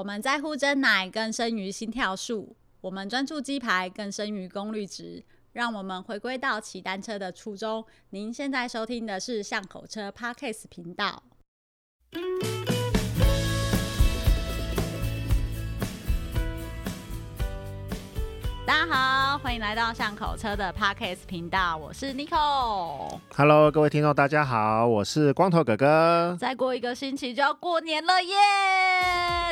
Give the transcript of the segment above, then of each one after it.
我們在乎真奶，更勝於心跳數；我們專注雞排，更勝於功率值。讓我們回歸到騎單車的初衷。您現在收聽的是巷口車 Podcast 頻道。大家好，歡迎來到巷口車的 Podcast 頻道，我是 Nico，Hello，各位聽眾，大家好，我是光頭哥哥。再過一個星期就要過年了耶、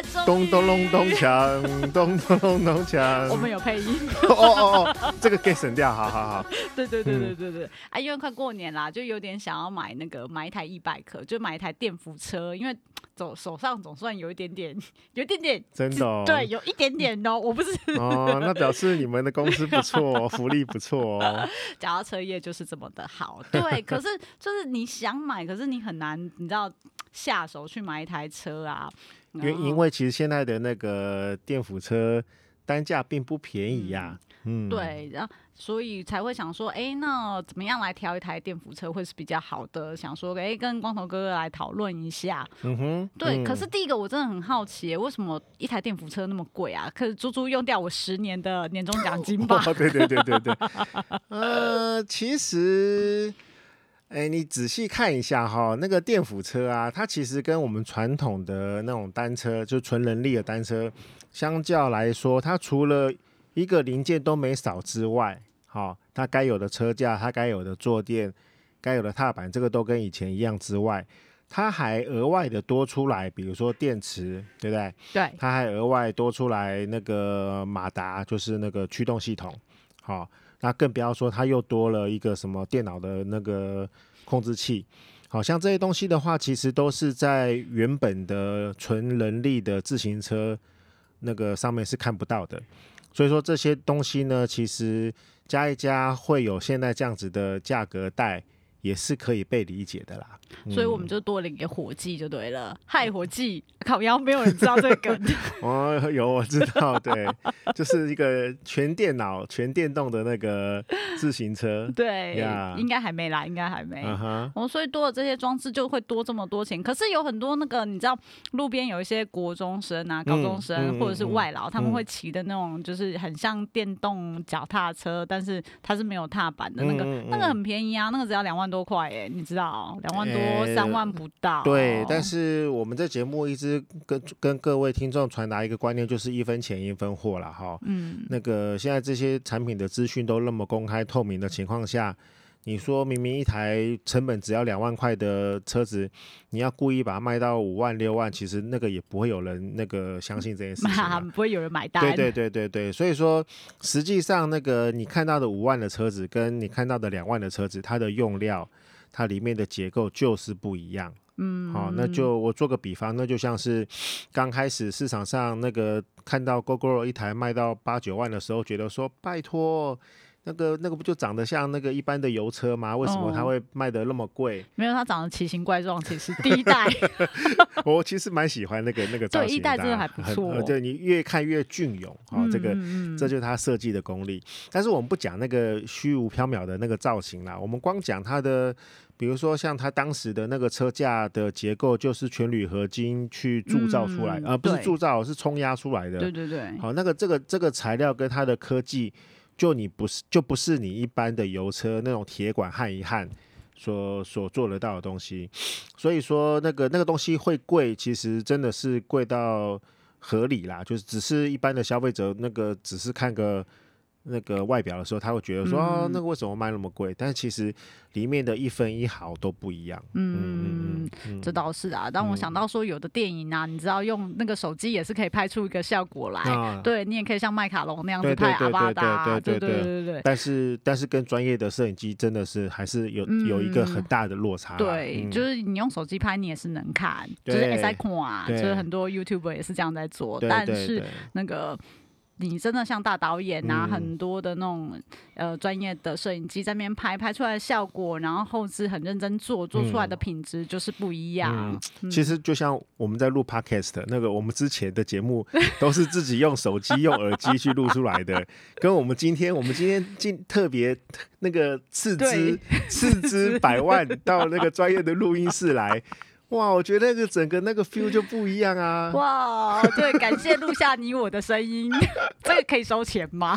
yeah!！咚咚咚咚鏘，咚咚咚咚鏘。我們有配音哦哦哦，這個可以省掉，好好好。 對對對對對對、嗯、啊，因為快過年啦，就有點想要買那個買一台 E-Bike，就買一台電輔車，因為。手手上總算有一點點，有一點點，真的、哦，對，有一點點哦。嗯、no, 我不是哦，那表示你們的公司不錯、哦， 福利不錯、哦。腳踏 車業就是這麼的好，對。可是就是你想買， 可是你很難，你知道下手去買一台車啊？因為因為其實現在的那個電輔車單價並不便宜呀、啊。嗯嗯、對，然後所以才會想說，哎、欸，那怎麼樣來挑一台電輔車會是比較好的？想說，哎、欸，跟光頭哥哥來討論一下。嗯哼，對。嗯、可是第一個，我真的很好奇，為什麼一台電輔車那麼貴啊？可是足足用掉我十年的年終獎金吧、哦哦。對對對對對。 呃，其實，哎、欸，你仔細看一下哈，那個電輔車啊，它其實跟我們傳統的那種單車，就是純人力的單車，相較來說，它除了一個零件都沒少之外，好、哦，它該有的車架、它該有的坐墊、該有的踏板，這個都跟以前一樣之外，它還額外的多出來，比如說電池，對不對？對，它還額外多出來那個馬達，就是那個驅動系統。好、哦，那更不要說它又多了一個什麼電腦的那個控制器。好像這些東西的話，其實都是在原本的純人力的自行車那個上面是看不到的。所以說這些東西呢，其實加一加會有現在這樣子的價格帶。也是可以被理解的啦，所以我們就多領一個夥計，就對了。害夥計靠腰，沒有人知道這個梗。哦，有，我知道，對，就是一個全電腦、全電動的那個自行車。對呀，應該還沒啦，應該還沒。我們所以多了這些裝置就會多這麼多錢。可是有很多那個，你知道路邊有一些國中生啊、高中生或者是外勞，他們會騎的那種，就是很像電動腳踏車，但是它是沒有踏板的那個，那個很便宜啊，那個只要兩萬多。多快哎、欸，你知道，兩萬多、欸、三萬不到。對，哦、但是我們這節目一直跟跟各位聽眾傳達一個觀念，就是一分錢一分貨啦哈。哦、嗯，那個現在這些產品的資訊都那麼公開透明的情況下。你說明明一台成本只要兩萬塊的車子，你要故意把它賣到五萬六萬，其實那個也不會有人那個相信這件事情，不會有人買單。對對對對對，所以說實際上那個你看到的五萬的車子，跟你看到的兩萬的車子，它的用料，它裡面的結構就是不一樣。嗯，好、哦，那就我做個比方，那就像是剛開始市場上那個看到 Gogoro 一台賣到八九萬的時候，覺得說拜托。那個那個不就長得像那個一般的油車嗎？為什麼它會賣得那麼貴？哦、沒有，它長得奇形怪狀，其實第一代。 我其實蠻喜歡那個那個造型的，對一代真的還不錯、哦。對你越看越俊勇，好、哦，嗯、這個這就是它設計的功力。嗯嗯、但是我們不講那個虛無縹緲的那個造型啦，我們光講它的，比如說像它當時的那個車架的結構，就是全鋁合金去鑄造出來的，而、嗯呃、不是鑄造，對是沖壓出來的。對對對，好、哦，那個這個這個材料跟它的科技。就你不是，就不是你一般的油車那種鐵管焊一焊，所所做得到的東西，所以說那個那個東西會貴，其實真的是貴到合理啦，就是只是一般的消費者那個只是看個。那個外表的時候，他會覺得說，哦，那個為什麼賣那麼貴？但是其實裡面的一分一毫都不一樣。嗯，這倒是啊。當我想到說，有的電影啊，你知道用那個手機也是可以拍出一個效果來。對，你也可以像卡麥隆那樣子拍阿凡達。對對對對對。但是但是跟專業的攝影機真的是還是有有一個很大的落差。對，就是你用手機拍，你也是能看，就是 iPhone 啊，就是很多 YouTuber 也是這樣在做。但是那個。你真的像大導演啊，嗯、很多的那種呃，專業的攝影機在那邊拍，拍出來的效果，然後後製很認真做，做出來的品質就是不一樣。其實就像我們在錄 podcast 那個，我們之前的節目都是自己用手機用耳機去錄出來的， 跟我們今天，我們今天今特別那個斥資斥資百萬到那個專業的錄音室來。 哇，我覺得那個整個那個 feel 就不一樣啊！哇，對，感謝錄下你我的聲音， 這個可以收錢嗎？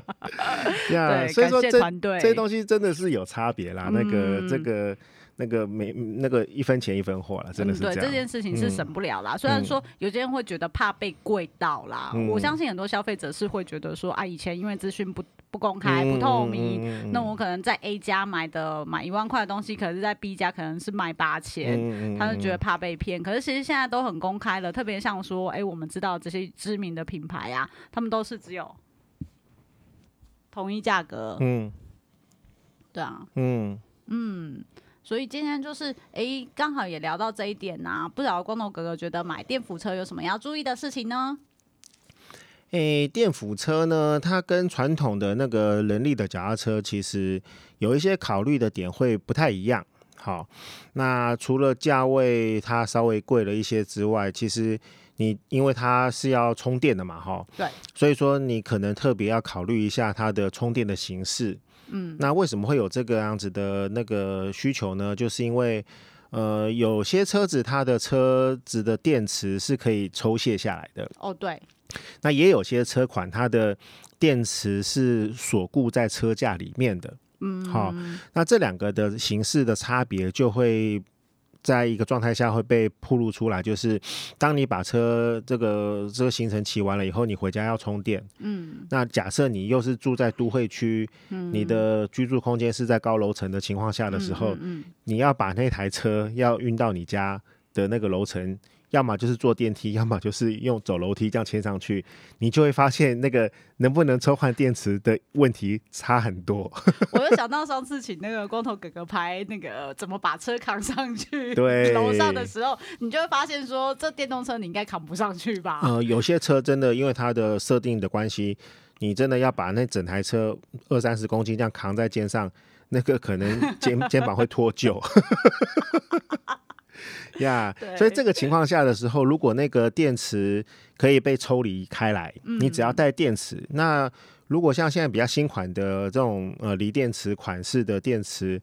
yeah, 對，所以說，這這東西真的是有差別啦，嗯、那個這個那個沒那個一分錢一分貨啦，真的是這樣，嗯對。這件事情是省不了啦，嗯、雖然說有些人會覺得怕被貴到啦，嗯、我相信很多消費者是會覺得說啊，以前因為資訊不不公開、不透明，那我可能在 A 家買的買一萬塊的東西，可是在 B 家可能是賣八千，他就覺得怕被騙。可是其實現在都很公開了，特別像說，哎、欸，我們知道這些知名的品牌呀、啊，他們都是只有同一價格。嗯，對啊，嗯嗯，所以今天就是哎，欸，剛好也聊到這一點啊。不曉得光頭哥哥覺得買電輔車有什麼要注意的事情呢？誒、欸，電輔車呢，它跟傳統的那個人力的腳踏車其實有一些考慮的點會不太一樣。好，那除了價位它稍微貴了一些之外，其實你因為它是要充電的嘛，哈、哦，對，所以說你可能特別要考慮一下它的充電的形式。嗯，那為什麼會有這個樣子的那個需求呢？就是因為，呃，有些車子它的車子的電池是可以抽卸下來的。哦，對。那也有些車款，它的電池是鎖固在車架裡面的。嗯，好，哦，那這兩個的形式的差別就會在一個狀態下會被暴露出來，就是當你把車這個這個行程騎完了以後，你回家要充電。嗯，那假設你又是住在都會區，嗯，你的居住空間是在高樓層的情況下的時候，嗯嗯嗯，你要把那台車要運到你家的那個樓層。要麼就是坐電梯，要麼就是用走樓梯這樣牽上去，你就會發現那個能不能抽換電池的問題差很多。 我就想到上次請那個光頭哥哥拍那個怎麼把車扛上去對，樓上的時候，對你就會發現說，這電動車你應該扛不上去吧？呃，有些車真的因為它的設定的關係，你真的要把那整台車二三十公斤這樣扛在肩上，那個可能肩肩膀會脫臼。 呀，yeah, 對所以這個情況下的時候，對如果那個電池可以被抽離開來，你只要帶電池。嗯、那如果像現在比較新款的這種呃鋰電池款式的電池，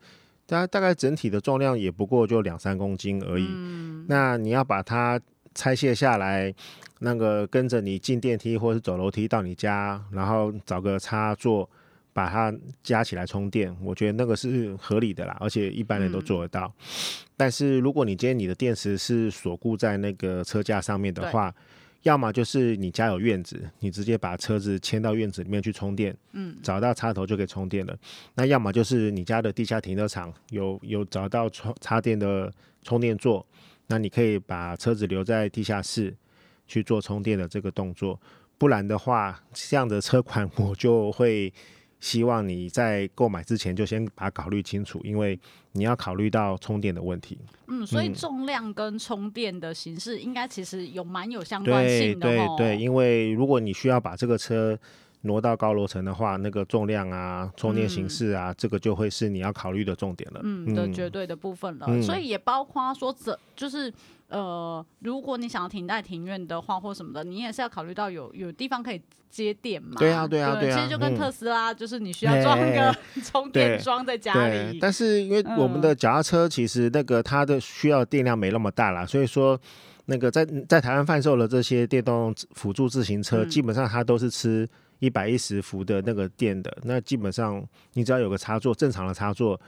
它大概整體的重量也不過就兩三公斤而已。嗯、那你要把它拆卸下來，那個跟着你進電梯或者是走樓梯到你家，然後找個插座。把它加起來充電，我覺得那個是合理的啦，而且一般人都做得到。嗯、但是如果你今天你的電池是鎖固在那個車架上面的話，對要麼就是你家有院子，你直接把車子牽到院子裡面去充電，嗯、找到插頭就可以充電了。那要麼就是你家的地下停車場有有找到充插電的充電座，那你可以把車子留在地下室去做充電的這個動作。不然的話，這樣的車款我就會。希望你在購買之前就先把它考慮清楚，因為你要考慮到充電的問題。嗯，所以重量跟充電的形式應該其實有蠻有相關性的。對對對，因為如果你需要把這個車挪到高樓層的話，那個重量啊、充電形式啊，嗯、這個就會是你要考慮的重點了。嗯的絕對的部分了，嗯、所以也包括說這就是。呃，如果你想要停在庭院的話，或什麼的，你也是要考慮到有有地方可以接電嘛？對啊，對啊，對啊。對其實就跟特斯拉，嗯、就是你需要裝一個、欸、充電樁在家裡。但是因為我們的腳踏車，其實那個它的需要電量沒那麼大啦，呃、所以說那個在在台灣販售的這些電動輔助自行車，嗯、基本上它都是吃一百一十伏的那個電的。那基本上你只要有個插座，正常的插座。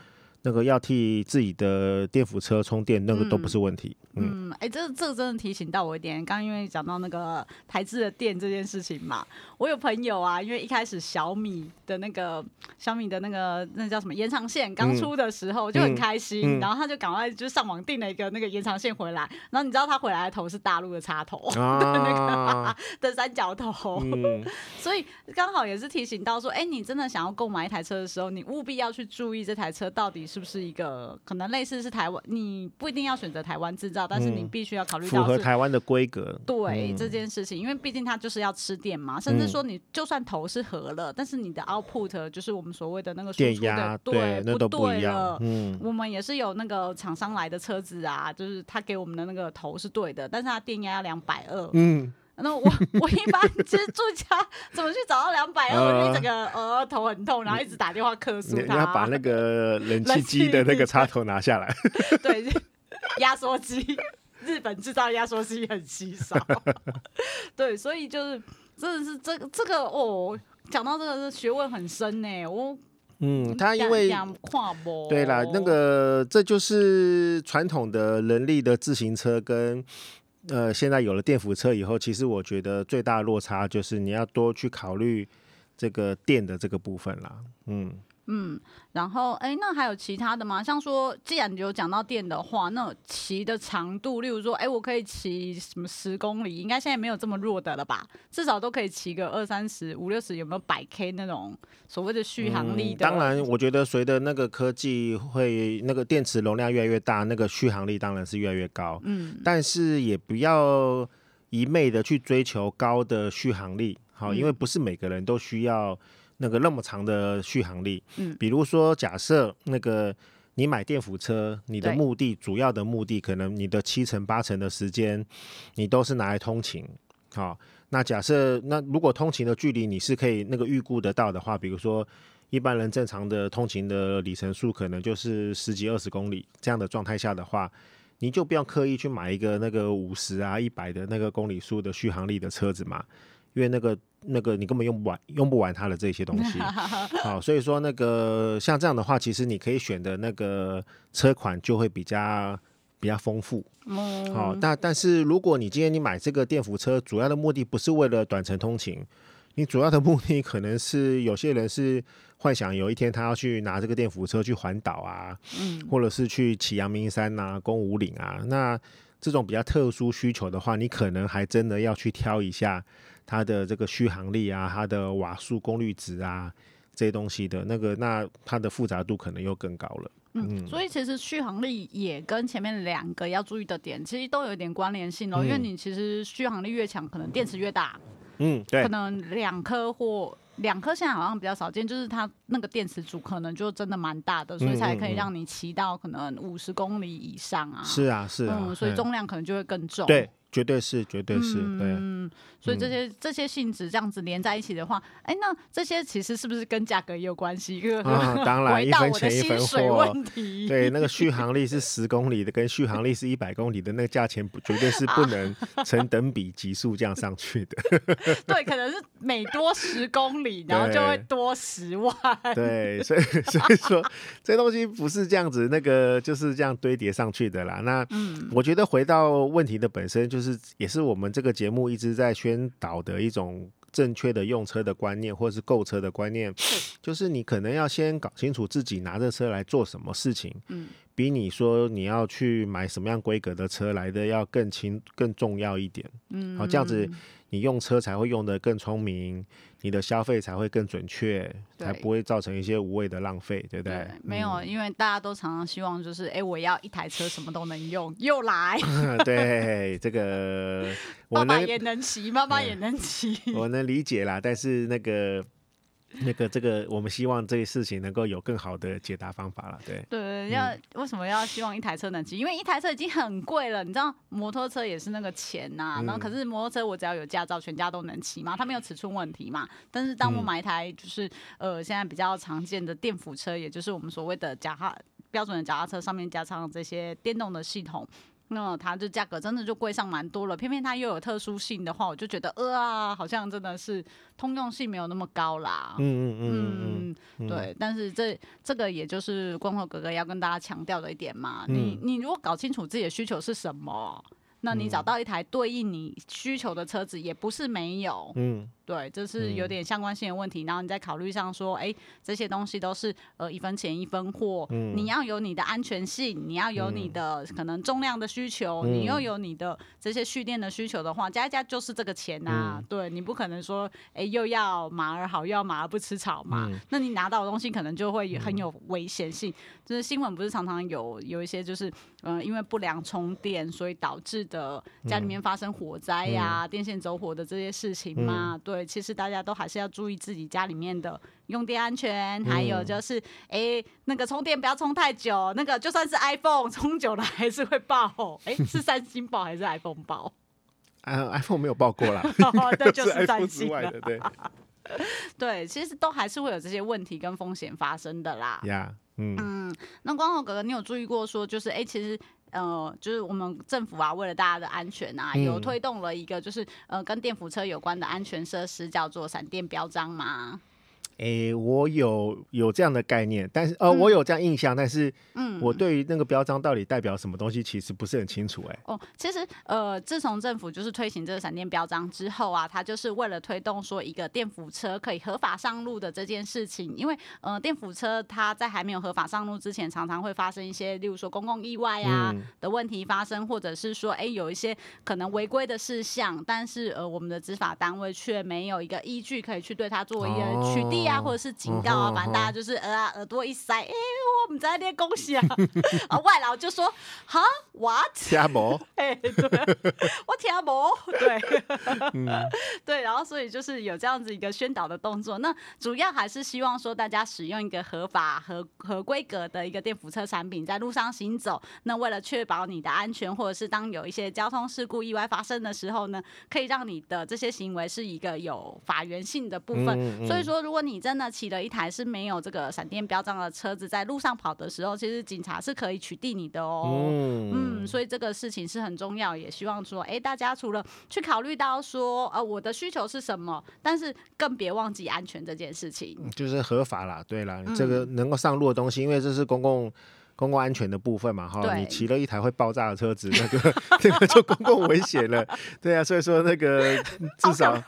那個要替自己的電輔車充電，那個都不是問題。嗯，哎、嗯欸，這這個真的提醒到我一點。剛因為講到那個台資的電這件事情嘛，我有朋友啊，因為一開始小米的那個小米的那個那叫什麼延長線剛出的時候，就很開心，嗯、然後他就趕快就上網訂了一個那個延長線回來。嗯嗯、然後你知道他回來的頭是大陸的插頭，那個、啊、 的三角頭，嗯、所以剛好也是提醒到說，哎、欸，你真的想要購買一台車的時候，你務必要去注意這台車到底是。是不是一個可能類似是台灣？你不一定要選擇台灣製造，但是你必須要考慮到台灣的規格。對、嗯、這件事情，因為畢竟它就是要吃電嘛，甚至說你就算頭是合了，嗯、但是你的 output 就是我們所謂的那個輸出的電壓，對，對不對了？那都不一樣。嗯，我們也是有那個廠商來的車子啊，就是他給我們的那個頭是對的，但是它電壓要兩百二。嗯。那 我我一般其實住家怎麼去找到兩百二？你整個額頭很痛，然後一直打電話哭訴他，你要把那個冷氣機的那個插頭拿下來。氣 對，壓縮機， 日本製造壓縮機很稀少。 對，所以就是真的是這這個哦，講到這個是學問很深呢。我嗯，他因為跨步，對啦，那個這就是傳統的人力的自行車跟。呃，現在有了電輔車以後，其實我覺得最大的落差就是你要多去考慮這個電的這個部分啦，嗯。嗯，然後哎，那還有其他的嗎？像說，既然你有講到電的話，那騎的長度，例如說，哎，我可以騎什麼十公里？應該現在沒有這麼弱的了吧？至少都可以騎個二三十五六十，有沒有百 K 那種所謂的續航力的？嗯、當然，我覺得隨着那個科技會、嗯、那個電池容量越來越大，那個續航力當然是越來越高。嗯，但是也不要一昧的去追求高的續航力，好，嗯、因為不是每個人都需要。那個那麼長的續航力，比如說假設那個你買電輔車，你的目的對主要的目的可能你的七成八成的時間，你都是拿來通勤，好、哦，那假設那如果通勤的距離你是可以那個預估得到的話，比如說一般人正常的通勤的里程數可能就是十幾二十公里這樣的狀態下的話，你就不用刻意去買一個那個五十啊一百的那個公里數的續航力的車子嘛。因為那個那個你根本用不完用不完它的這些東西，好、 哦，所以說那個像這樣的話，其實你可以選的那個車款就會比較比較豐富。好、哦，嗯、但但是如果你今天你買這個電輔車，主要的目的不是為了短程通勤，你主要的目的可能是有些人是幻想有一天他要去拿這個電輔車去環島啊，嗯、或者是去騎陽明山啊、攻武嶺啊，那這種比較特殊需求的話，你可能還真的要去挑一下。它的這個續航力啊，它的瓦數、功率值啊這些東西的那個，那它的複雜度可能又更高了。嗯，嗯所以其實續航力也跟前面兩個要注意的點，其實都有一點關聯性嘍。嗯、因為你其實續航力越強，可能電池越大。嗯，對。可能兩顆或兩顆現在好像比較少見，就是它那個電池組可能就真的蠻大的，嗯嗯嗯所以才可以讓你騎到可能五十公里以上啊。是啊，是啊。嗯，所以重量可能就會更重。嗯、對。絕對是，絕對是，嗯、對，所以這些、嗯、這些性質這樣子連在一起的話，哎，那這些其實是不是跟價格也有關係？因為，啊，當然， 一分錢一分貨，對，那個續航力是十公里的， 對跟續航力是一百公里的，那個、價錢絕對是不能成等比級數這樣上去的。 對，可能是每多十公里，然後就會多十萬。 對，所以所以說，這東西不是這樣子，那個就是這樣堆疊上去的啦。那，嗯、我覺得回到問題的本身就是。是，也是我們這個節目一直在宣導的一種正確的用車的觀念，或者是購車的觀念，是就是你可能要先搞清楚自己拿着車來做什麼事情，嗯，比你說你要去買什麼樣規格的車來的要更輕、更重要一點，嗯，好，這樣子。嗯你用車才會用得更聰明，你的消費才會更準確，對才不會造成一些無謂的浪費，對不對？對沒有，嗯、因為大家都常常希望就是，哎，我要一台車什麼都能用， 又來。嗯、對這個， 能爸爸也能騎，嗯、媽媽也能騎。我能理解啦，但是那個。那個這個，我們希望這些事情能夠有更好的解答方法了，對。對對要、嗯、為什麼要希望一台車能騎？因為一台車已經很貴了，你知道，摩托車也是那個錢吶、啊。嗯、然後，可是摩托車我只要有駕照，全家都能騎嘛，它沒有尺寸問題嘛。但是，當我買一台就是、嗯、呃，現在比較常見的電輔車，也就是我們所謂的腳踏標準的腳踏車上面加上這些電動的系統。那它就價格真的就貴上蠻多了，偏偏它又有特殊性的話，我就覺得呃，好像真的是通用性沒有那麼高啦。嗯嗯嗯，嗯，對。嗯、但是這這個也就是巷口哥哥要跟大家強調的一點嘛，你你如果搞清楚自己的需求是什麼，嗯、那你找到一台對應你需求的車子也不是沒有。嗯。嗯對，這是有點相關性的問題。嗯、然後你再考慮上說，哎、欸，這些東西都是呃一分錢一分貨，嗯、你要有你的安全性，你要有你的可能重量的需求，嗯、你又有你的這些蓄電的需求的話，加一加就是這個錢吶、啊。嗯、對，你不可能說，哎、欸，又要馬兒好，又要馬兒不吃草嘛。嗯、那你拿到的東西可能就會很有危險性。嗯、就是新聞不是常常有有一些就是，嗯、呃，因為不良充電所以導致的家裡面發生火災呀、啊、嗯、電線走火的這些事情嘛，嗯、對。其實大家都還是要注意自己家裡面的用電安全，嗯、還有就是，哎、欸，那個充電不要充太久，那個就算是 iPhone 充久了還是會爆。哎、欸，是三星爆還是 iPhone 爆？嗯 iPhone 沒有爆過啦，那就 是三星。對， 對，其實都還是會有這些問題跟風險發生的啦。呀、yeah, 嗯，嗯嗯，那光頭哥哥，你有注意過說，就是哎、欸，其實。呃，就是我們政府啊，為了大家的安全啊，有推動了一個，就是呃，跟電輔車有關的安全設施，叫做閃電標章嘛。哎、欸，我有有這樣的概念，但是呃，我有這樣印象，嗯、但是嗯，我對於那個標章到底代表什麼東西，其實不是很清楚，欸。哎，哦，其實呃，自從政府就是推行這個閃電標章之後啊，它就是為了推動說一個電輔車可以合法上路的這件事情，因為呃，電輔車它在還沒有合法上路之前，常常會發生一些，例如說公共意外啊的問題發生，嗯、或者是說哎、欸、有一些可能違規的事項，但是呃，我們的執法單位卻沒有一個依據可以去對它做一個取締。哦呀，或者是警告啊，反正大家就是呃啊耳朵一塞，哎、嗯嗯欸，我們在練恭喜啊，外勞就說哈，what？聽不懂，哎、欸，對，what 聽不懂對 w h a t 對，然後所以就是有這樣子一個宣導的動作。那主要還是希望說大家使用一個合法、合合規格的一個電輔車產品在路上行走。那為了確保你的安全，或者是當有一些交通事故意外發生的時候呢，可以讓你的這些行為是一個有法源性的部分。嗯嗯所以說，如果你你真的騎了一台是沒有這個閃電標章的車子在路上跑的時候，其實警察是可以取締你的哦。嗯，嗯，所以這個事情是很重要，也希望說，哎、欸，大家除了去考慮到說，呃，我的需求是什麼，但是更別忘記安全這件事情，就是合法啦。對啦，嗯、這個能夠上路的東西，因為這是公共。公共安全的部分嘛，哈，你騎了一台會爆炸的車子，那個，那個就公共危險了。對啊，所以說那個至少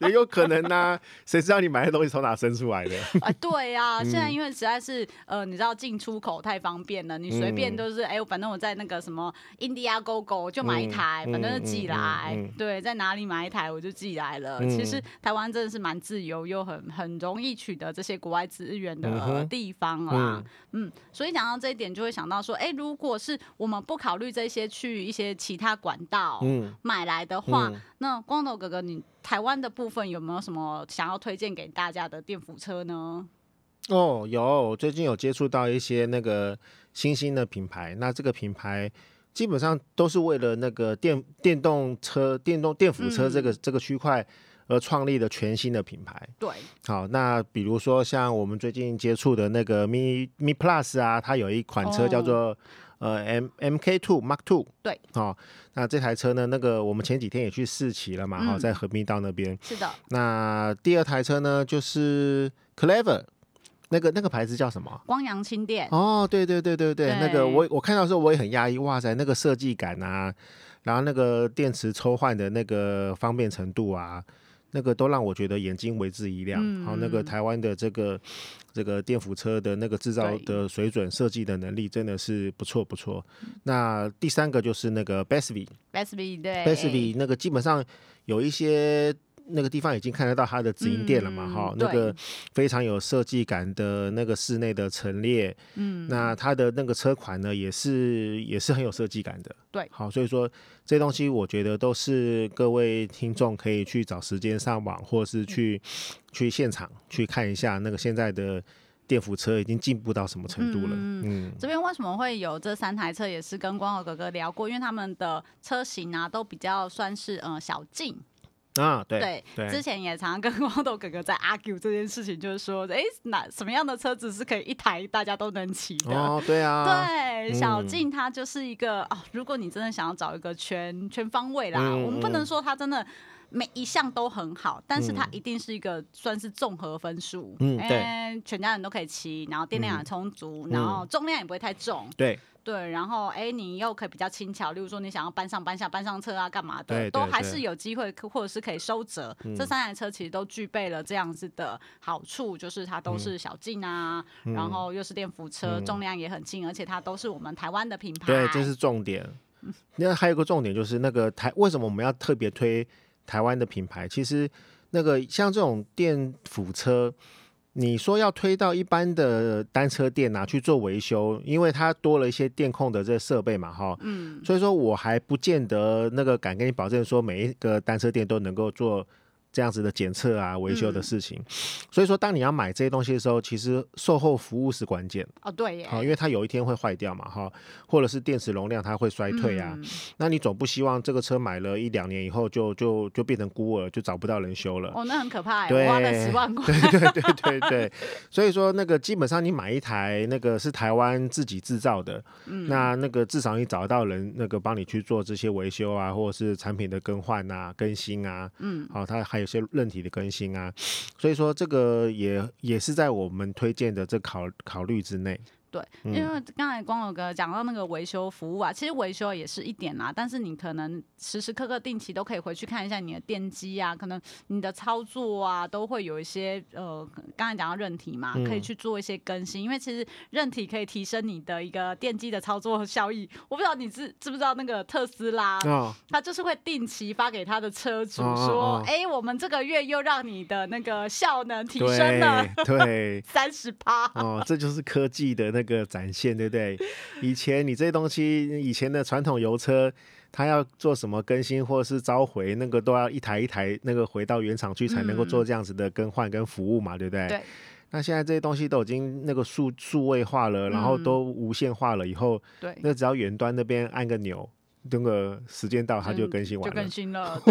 也有可能吶，誰知道你買的東西從哪生出來的？啊，對啊，現在因為實在是，呃，你知道進出口太方便了，你隨便都是，哎，我反正我在那個什麼 Indiegogo 就買一台，反正就寄來。對，在哪裡買一台我就寄來了。其實台灣真的是蠻自由又很很容易取得這些國外資源的地方啊。嗯，所以講到這一點，就會想到說，哎、欸，如果是我們不考慮這些，去一些其他管道買來的話，嗯嗯、那光頭哥哥，你台灣的部分有沒有什麼想要推薦給大家的電輔車呢？哦，有，最近有接觸到一些那個新興的品牌，那這個品牌基本上都是為了那個電電動車、電動電輔車這個、嗯、這個區塊。而創立的全新的品牌。對，好、哦，那比如說像我們最近接觸的那個 Me Me Plus 啊，它有一款車叫做、哦、呃 M M K Two Mark Two。對，哦，那這台車呢，那個我們前幾天也去試騎了嘛，好、嗯哦、在河濱道那邊。是的。那第二台車呢，就是 Clever，那個那個牌子叫什麼？光陽輕電。哦，對對對對對，對那個我我看到的時候我也很訝異，哇塞，那個設計感啊，然後那個電池抽換的那個方便程度啊。那個都讓我覺得眼睛為之一亮，嗯、好，那個台灣的這個這個電輔車的那個制造的水準、對設計的能力真的是不錯不錯。嗯、那第三個就是那個 BESV BESV 對 BESV 那個基本上有一些。那個地方已經看得到它的直營店了嘛？哈、嗯，那個非常有設計感的那個室內的陳列，嗯，那它的那個車款呢，也是也是很有設計感的。對、嗯，好，所以說這東西我覺得都是各位聽眾可以去找時間上網或者是去、嗯、去現場去看一下，那個現在的電輔車已經進步到什麼程度了？嗯，嗯這邊為什麼會有這三台車？也是跟光頭哥哥聊過，因為他們的車型啊都比較算是呃小徑。啊，對，對，對，之前也常常跟汪豆哥哥在 argue 這件事情，就是說，誒，那什麼樣的車子是可以一台大家都能騎的？哦，對啊，對，嗯，小靜他就是一個哦，如果你真的想要找一個全全方位啦，嗯嗯，我們不能說他真的。每一項都很好，但是它一定是一個算是綜合分數。嗯，對，全家人都可以騎，然後電量也充足，然後重量也不會太重。對對，然後哎，你又可以比較輕巧，例如說你想要搬上搬下、搬上車啊，幹嘛的，都還是有機會，或者是可以收折。這三台車其實都具備了這樣子的好處，就是它都是小徑啊，然後又是電輔車，重量也很輕，而且它都是我們台灣的品牌。對，這是重點。那還有一個重點就是那個台，為什麼我們要特別推？台灣的品牌其實，那個像這種電輔車，你說要推到一般的單車店拿去做維修，因為它多了一些電控的這設備嘛，哈，嗯，所以說我還不見得那個敢跟你保證說每一個單車店都能夠做。這樣子的檢測啊、維修的事情，嗯、所以說當你要買這些東西的時候，其實售後服務是關鍵哦。對，因為它有一天會壞掉嘛，哈，或者是電池容量它會衰退啊，嗯、那你總不希望這個車買了一兩年以後就就就變成孤兒，就找不到人修了。哦，那很可怕、欸，花對了十萬塊。對對對對對， 所以說那個基本上你買一台那個是台灣自己制造的，嗯、那那個至少你找到人那個幫你去做這些維修啊，或者是產品的更換啊、更新啊，嗯，好、哦，它還。有些韌體的更新啊，所以說這個也也是在我們推薦的這考考慮之內。對，因為剛才光友哥講到那個維修服務啊，嗯、其實維修也是一點啦，但是你可能時時刻刻定期都可以回去看一下你的電機啊，可能你的操作啊都會有一些呃，剛才講到韌體嘛，可以去做一些更新，嗯、因為其實韌體可以提升你的一個電機的操作效益。我不知道你知知不知道那個特斯拉，哦、他就是會定期發給他的車主說，哎、哦哦欸，我們這個月又讓你的那個效能提升了對三十八哦，這就是科技的那個。那個展現對不對？以前你這些東西，以前的傳統油車，它要做什麼更新或者是召回，那個都要一台一台那個回到原廠去才能夠做這樣子的更換跟服務嘛，嗯、對不對？對。那現在這些東西都已經那個數數位化了，然後都無線化了，以後、嗯、對，那只要遠端那邊按個鈕。等個時間到，它就更新完了，嗯，就更新了，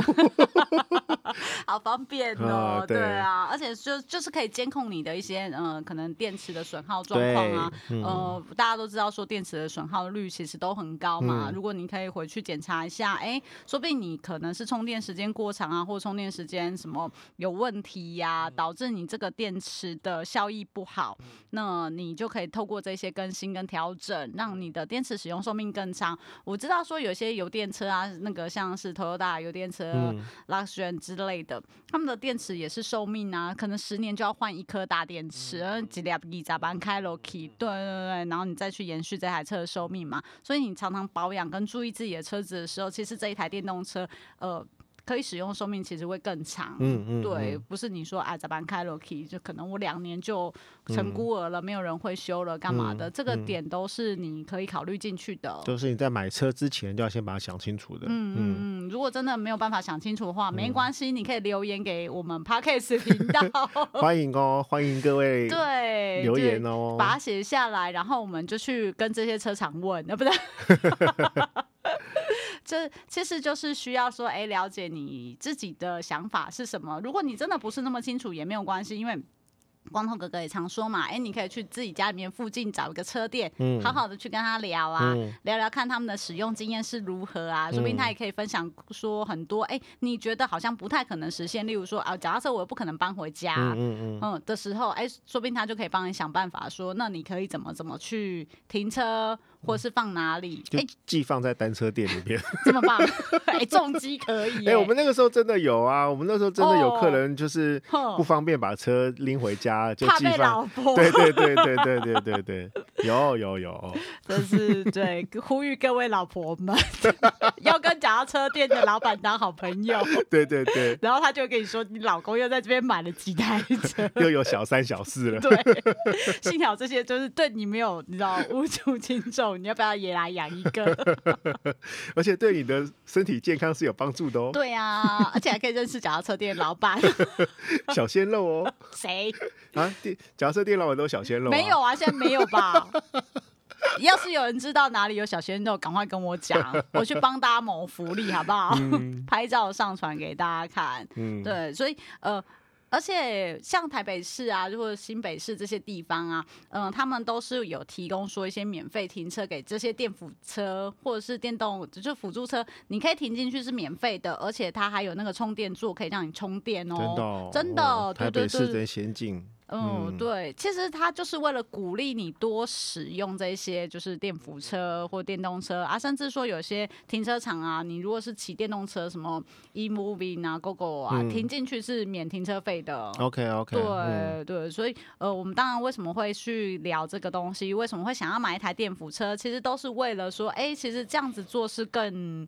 好方便哦，哦對，對啊，而且就就是可以監控你的一些，嗯、呃，可能電池的損耗狀況啊，嗯、呃，大家都知道說電池的損耗率其實都很高嘛，嗯，如果你可以回去檢查一下，哎，說不定你可能是充電時間過長啊，或充電時間什麼有問題呀，啊，導致你這個電池的效益不好，那你就可以透過這些更新跟調整，讓你的電池使用壽命更長。我知道說有些。些油電車啊，那個像是 Toyota 油電車 l u x u o n 之類的，他們的電池也是壽命啊，可能十年就要換一顆大電池，然後幾輛一加開 l o k 對對對，然後你再去延續這台車的壽命嘛，所以你常常保養跟注意自己的車子的時候，其實這一台電動車，呃。可以使用壽命其實會更長，嗯嗯，對，嗯、不是你說啊，咋辦？開羅克就可能我兩年就成孤兒了，嗯、沒有人會修了，幹嘛的？嗯嗯、這個點都是你可以考慮進去的，就是你在買車之前就要先把它想清楚的，嗯嗯嗯。嗯，如果真的沒有辦法想清楚的話，沒關係，嗯、你可以留言給我們 Podcast 頻道， 歡迎哦，歡迎各位，對，留言哦，把它寫下來，然後我們就去跟這些車廠問，啊，不對。 這其實就是需要說，哎，了解你自己的想法是什麼。如果你真的不是那麼清楚，也沒有關係，因為光頭哥哥也常說嘛，哎，你可以去自己家裡面附近找一個車店，嗯、好好的去跟他聊啊，嗯、聊聊看他們的使用經驗是如何啊，說不定他也可以分享說很多，哎、嗯，你覺得好像不太可能實現，例如說啊，腳踏車我又不可能搬回家，嗯嗯，嗯，的時候，哎，說不定他就可以幫你想辦法說，說那你可以怎麼怎麼去停車。或是放哪裡？哎、嗯，就寄放在單車店裡面，欸、這麼棒！哎、欸，重機可以、欸。哎、欸，我們那個時候真的有啊，我們那時候真的有客人就是不方便把車拎回家，就寄放。怕被老婆。對對對對對對對對，有有有，真是對呼籲各位老婆們 要跟腳踏車店的老板當好朋友。 對,對對對，然後他就跟你說，你老公又在這邊買了幾台車，又有小三小四了。對，幸好這些就是對你沒有，你知道，無足輕重。你要不要也來養一個？ 而且對你的身體健康是有幫助的哦、喔。對啊，而且還可以認識腳踏車店老闆小鮮肉哦。誰啊？腳踏車店老闆都小鮮肉？沒有啊，現在沒有吧？ 要是有人知道哪裡有小鮮肉，趕快跟我講，我去幫大家謀福利好不好？嗯、拍照上傳給大家看。嗯、對，所以呃。而且像台北市啊，或者新北市這些地方啊，嗯、呃，他們都是有提供說一些免費停車給這些電輔車或者是電動就輔助車，你可以停進去是免費的，而且它還有那個充電座可以讓你充電哦，真的哦，真的哦，對對對，台北市的先進。嗯，對，其實他就是為了鼓勵你多使用這些，就是電輔車或電動車啊，甚至說有些停車場啊，你如果是騎電動車，什麼 e-moving 啊、go go 啊，嗯、停進去是免停車費的。OK OK 對。對、嗯、對，所以呃，我們當然為什麼會去聊這個東西？為什麼會想要買一台電輔車？其實都是為了說，哎、欸，其實這樣子做是更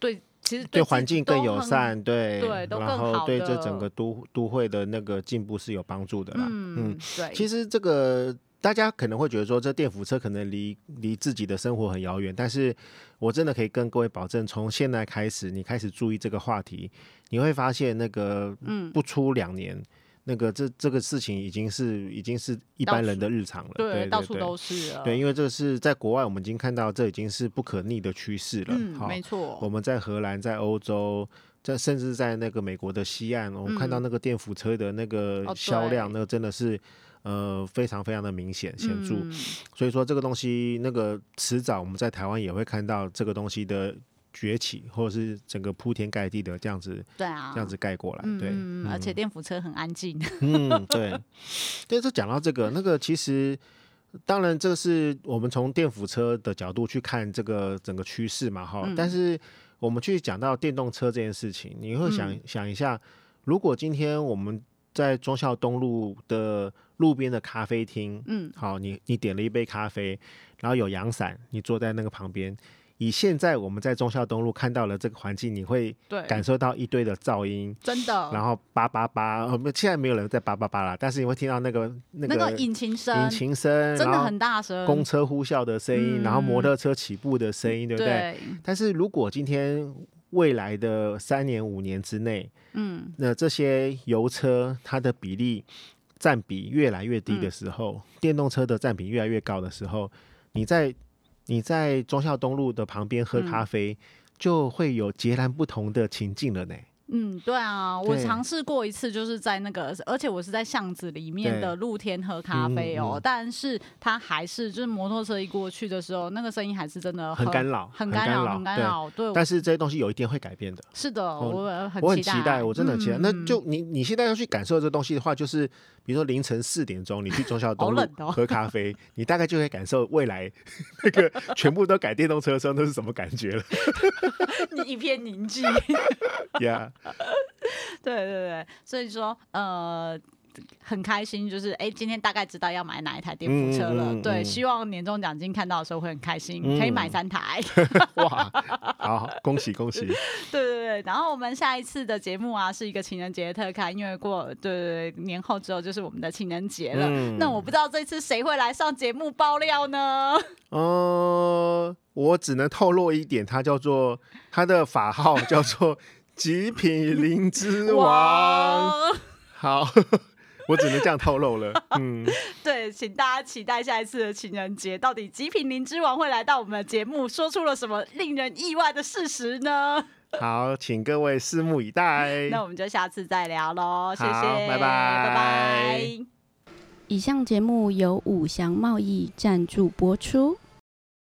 對。其實對，對環境更友善，對，對然後對這整個都都會的那個進步是有幫助的啦。嗯，嗯對。其實這個大家可能會覺得說，這電輔車可能離離自己的生活很遙遠，但是我真的可以跟各位保證，從現在開始，你開始注意這個話題，你會發現那個，不出兩年。嗯那個這這個事情已經是已經是一般人的日常了，對，對，到處都是。對，因為這是在國外，我們已經看到這已經是不可逆的趨勢了。嗯，沒錯、哦。我們在荷蘭，在歐洲，在甚至在那個美國的西岸，嗯、我們看到那個電輔車的那個銷量，那、哦、真的是呃非常非常的明顯顯著。嗯、所以說這個東西，那個遲早我們在台灣也會看到這個東西的。崛起，或者是整個鋪天蓋地的這樣子，對啊，這樣子蓋過來，對，嗯嗯、而且電輔車很安靜，嗯， 對。但是講到這個，那個其實，當然這是我們從電輔車的角度去看這個整個趨勢嘛，哈。嗯、但是我們去講到電動車這件事情，你會想、嗯、想一下，如果今天我們在忠孝東路的路邊的咖啡廳，嗯，好，你你點了一杯咖啡，然後有陽傘，你坐在那個旁邊。以現在我們在忠孝東路看到了這個環境，你會感受到一堆的噪音，真的。然後叭叭叭，我們現在沒有人在叭叭叭叭啦，但是你會聽到那個、那個、那個引擎聲，引擎聲真的很大聲，公車呼嘯的聲音，嗯、然後摩托車起步的聲音，嗯、對不對？對，但是如果今天未來的三年五年之內，嗯，那這些油車它的比例佔比越來越低的時候，嗯、電動車的佔比越來越高的時候，你在。你在忠孝東路的旁邊喝咖啡，嗯、就會有截然不同的情境了呢。嗯，對啊，我嘗試過一次，就是在那個，而且我是在巷子裡面的露天喝咖啡哦，但是它還是，就是摩托車一過去的時候，那個聲音還是真的很干擾，很干擾，很干擾，對。但是這些東西有一點會改變的。是的，我我很期待，我真的很期待。那就你你現在要去感受這東西的話，就是比如說凌晨四點鐘你去忠孝東路喝咖啡，你大概就可以感受未來那個全部都改電動車的時候都是什麼感覺了。你一片寧靜。呀。 對對對，所以說呃很開心，就是哎今天大概知道要買哪一台電輔車了。嗯嗯、對，嗯、希望年終獎金看到的時候會很開心，嗯、可以買三台。 哇，好恭喜恭喜！恭喜 對對對，然後我們下一次的節目啊，是一個情人節的特刊，因為過對對，對年後之後就是我們的情人節了。嗯、那我不知道這次誰會來上節目爆料呢？嗯，我只能透露一點，他叫做他的法號叫做。 極品靈芝王，哦、好呵呵，我只能這樣透露了。 嗯，對，請大家期待下一次的情人節，到底極品靈芝王會來到我們的節目，說出了什麼令人意外的事實呢？好，請各位拭目以待。 那我們就下次再聊嘍，謝謝，拜拜，拜拜。拜拜。以上節目由五祥貿易贊助播出。